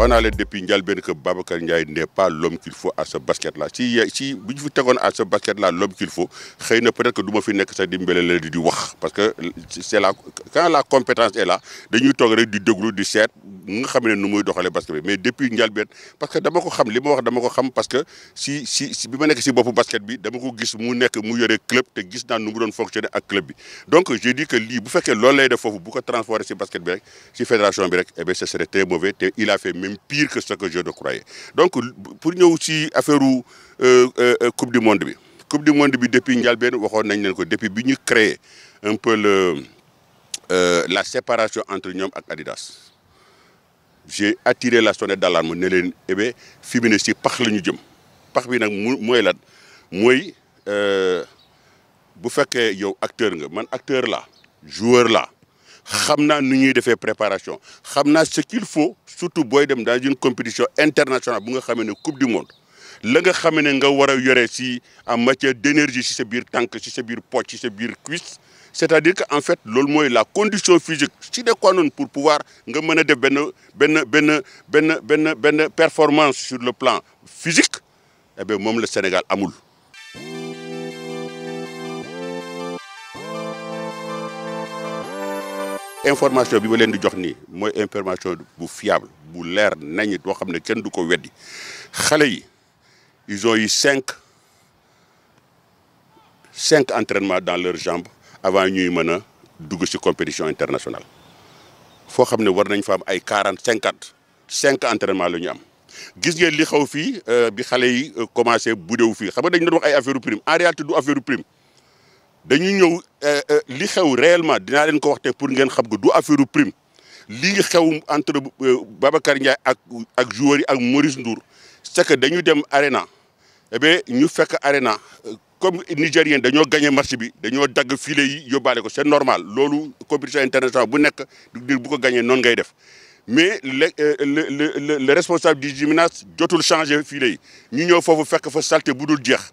on a depuis ben que Babacar Ndiaye n'est pas l'homme qu'il faut à ce basket-là. Si, si vous avez à ce basket-là l'homme qu'il faut, peut-être que Douma Finek ça dit di wax. Parce que c'est là, quand la compétence est là, nous sommes du degré du 7, nous savons que nous sommes doxalé basket. Mais depuis Ben, parce que je sais, wax dama ko xam parce que si, si, si, nek ci au basket, bi, ko gis que nek mu yoré club, je sais que nous devons fonctionner avec club club. Donc je dis que si vous faites que l'olé fofu bu vous transformer ce basket, bi, si la fédération, eh ben ce serait très mauvais. Il a fait même pire que ce que je ne croyais donc pour nous ci affaire euh, euh, euh, coupe du monde bi coupe du monde bi depuis que nous avons depuis créé un peu le euh, la séparation entre nous et Adidas j'ai attiré la sonnette d'alarme ne leen ebe eh fi mu nous. si pax la jëm pax bi nak moy moy euh bu yow acteur nga man acteur la joueur la xam nous nu faire préparation je ce qu'il faut surtout boy dem dans une compétition internationale bu nga coupe du monde Ce que nous avons nga en matière d'énergie si c'est bir tank, si c'est bir pot, si c'est bir cuisse c'est-à-dire que en fait la condition physique Si quoi non pour pouvoir nga de performance sur le plan physique eh bien même le Sénégal information bi ma leen di jox ni moy information bu fiable bu leer nañ do xamné kenn du ko weddi xalé yi ils ont eu 5 5 entraînements dans leurs jambes avant ñuy mëna dugg ci compétition internationale fo xamné war nañ fa am ay 40 50 5 entraînements lu ñu am gis ngeen li xaw fi euh, bi xalé yi euh, commencé boudé wu fi xam nga dañ doon wax ay affaire prime en réalité du affaire prime dañu ñëw euh, euh, lii xew réellement dinaa leen ko wax te pour ngeen xam ko du affaire prime lii xew entre euh, Babacar Ndiaye ak ak joueur yi ak Maurice Ndour c'est que dañu dem arena eh ñu fekk arena comme nigérien dañoo gagné marché bi dañoo dagg filet yi yóbbaale ko c'est normal loolu compétition internationale bu nekk du bu ko gañee noonu ngay def mais le le le le responsable du gymnase jotul changé filet yi ñu ñëw foofu fekk fo salté bu dul jeex.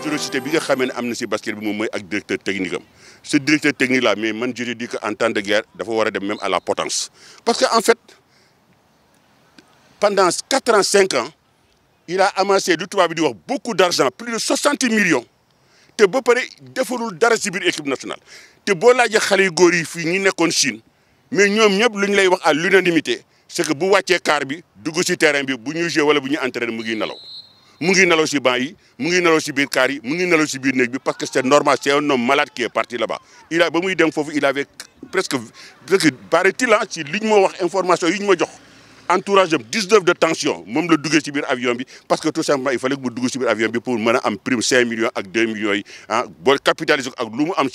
dangerosité bi nga xamee amna ci parce basket bi moy ak directeur technique am ce directeur technique là mais man je dis que en temps de guerre dafa war a dem même à la potence parce que en fait pendant 45 ans 5 ans il a amassé du tubaab bi beaucoup d'argent, plus de 60 millions te ba pare des dara ci biir équipe nationale te bo la jax xalé góor yi fi ñi nekkon Chine mais ñom ñep luñ lay wax à l'unanimité c'est que bu waccé car bi duggu ci terrain bi bu ñu jouer wala bu ñu entraîner mu ngi Mungi ngi nelaw ci banc yi mu ngi biir kaar yi parce que c'est normal c'est un homme malade qui est parti là-bas il a il avait presque presque il ah ci li ñu wax information yi entourage am 19 de tension même la duggee ci avion parce que tout simplement il fallait que le dugg ci avion bi pour maintenant en prime 5 millions ak 2 millions hein, pour capitaliser ak lu mu am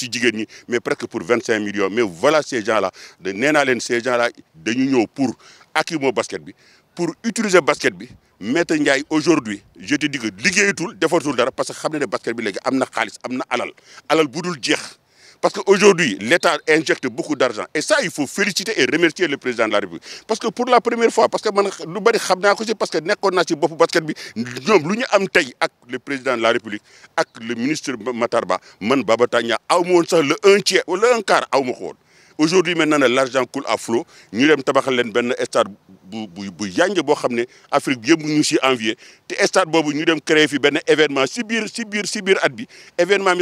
mais presque pour 25 millions mais voilà ces gens là de ces gens là dañu ñëw pour acquérir mon basket ball pour utiliser le basket bi Maître Ndiaye aujourd'hui je te dis que liggéeyatul defatul dara parce que xam na ne basket bi léegi am na xaalis alal alal bu dul parce que aujourd'hui l'État injecte beaucoup d'argent et ça il faut féliciter et remercier le président de la République parce que pour la première fois parce que man lu bari xam ko parce que nekkoon naa ci boppu basket bi ñoom am tey le président de la République avec le ministre Matarba, moi, man Baba Tandian aw sax le un tiers ou un quart ko Aujourd'hui, maintenant, l'argent coule à flot. Nous sommes en un état bu bo xamné afrique ñu envier événement sibir sibir sibir événement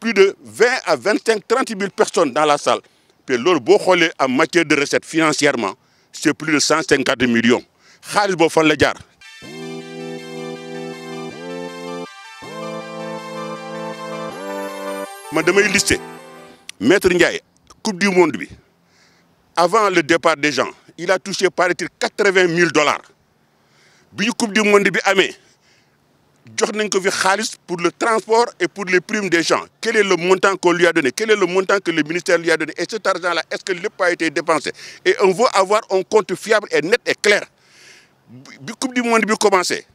plus de 20 à 25 30 000 personnes dans la salle puis lool bo xolé en matière de recettes financièrement c'est plus de 150 millions bo la damay lister Maître Ndiaye coupe du monde avant le départ des gens il a touché par il 80 000 dollars bi coupe du monde bi amee jox pour le transport et pour les primes des gens quel est le montant qu'on lui a donné quel est le montant que le ministère lui a donné et cet argent là est-ce que n'a pas été dépensé et on veut avoir un compte fiable et net et clair La coupe du monde a commencé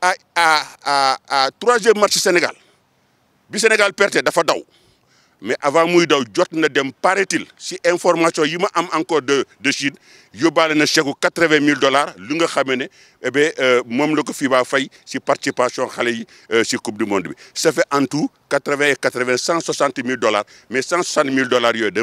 à à à troisième match Sénégal le Sénégal perte mais avant muy daw jot na dem paraît-il si information yi ma am encore de de Chine yobale na chèque de 80 000 dollars li nga xamé ne eh bien euh, moom la ko FIBA fay si participation xalé yi euh, si coupe du monde bi ça fait en tout 80 160 000 dollars. Mais 160 000 dollars, est-ce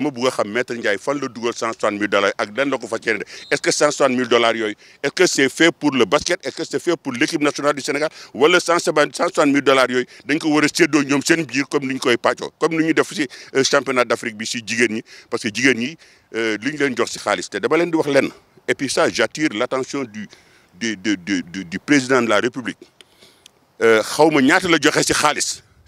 que 160 000 dollars, est-ce que c'est fait pour le basket, est-ce que c'est fait pour l'équipe nationale du Sénégal Ou 160 000 dollars, est-ce que c'est fait pour le basket, comme nous avons comme nous avons fait le championnat d'Afrique, parce que nous avons fait le Et puis ça, j'attire l'attention du, du, président de la République. Euh,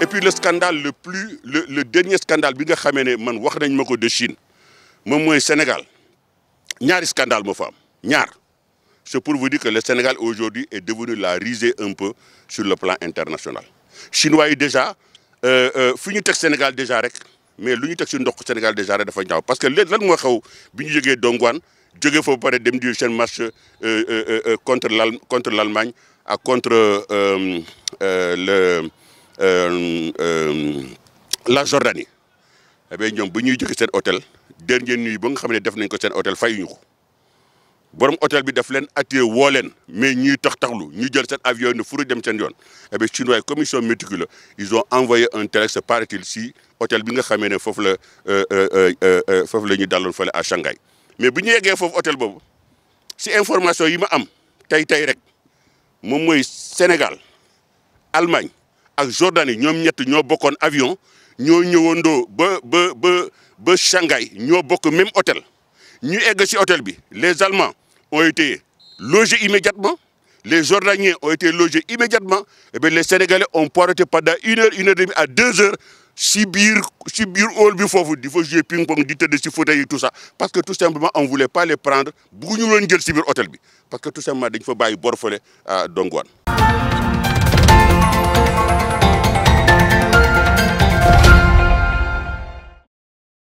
et puis le scandale le plus le dernier scandale bi nga xamee man wax nañ ma de Chine moom mooy Sénégal ñaari scandale moo femme, am ñaar c'est pour vous dire que le Sénégal aujourd'hui est devenu la risée un peu sur le plan international chinois est déjà euh, euh, fini ñu teg Sénégal déjà rek mais lu ñu teg ndox Sénégal déjà rek dafa ñaaw parce que les gens moo xew bi ñu jógee Dongguan jógee foofu pare dem di seen match euh, contre l'Allemagne contre l'Allemagne contre le. Euh, euh, la Jordanie eh ba ñoom bu ñuy jóge cet hôtel dernier nuit ba nga xam ne def nañ ko seen hôtel fayuñu ko borom hôtel bi daf len attiré wolen mais ñuy tax taxlu ñu jël cet avion ne furu dem seen yoon eh bien chinois commission méticule ils ont envoyé un texte paraît-il si hôtel bi nga xamé ne fofu la euh, euh euh foofu la ñu daloon fële à Shanghai. mais bu ñu yeggee foofu hôtel bobu si information yi ma am tay tay rek moom mooy Sénégal Allemagne ak Jordanie ñoom ñett ñoo bokkoon avion ñoo ñëwandoo ba ba ba ba Shanghai ñoo bokk même hôtel ñu egg ci hôtel les Allemands ont été logés immédiatement les Jordaniens ont été logés immédiatement et eh bien les Sénégalais ont porté pendant une heure une heure et demie à deux heures Sibir Sibir, si biir hall bi di jouer ping-pong di de si fauteuil tout ça parce que tout simplement on ne voulait pas les prendre bëgguñu loon jël si hôtel bi parce que tout simplement il dañ fa bàyyi borfole à Dongwaan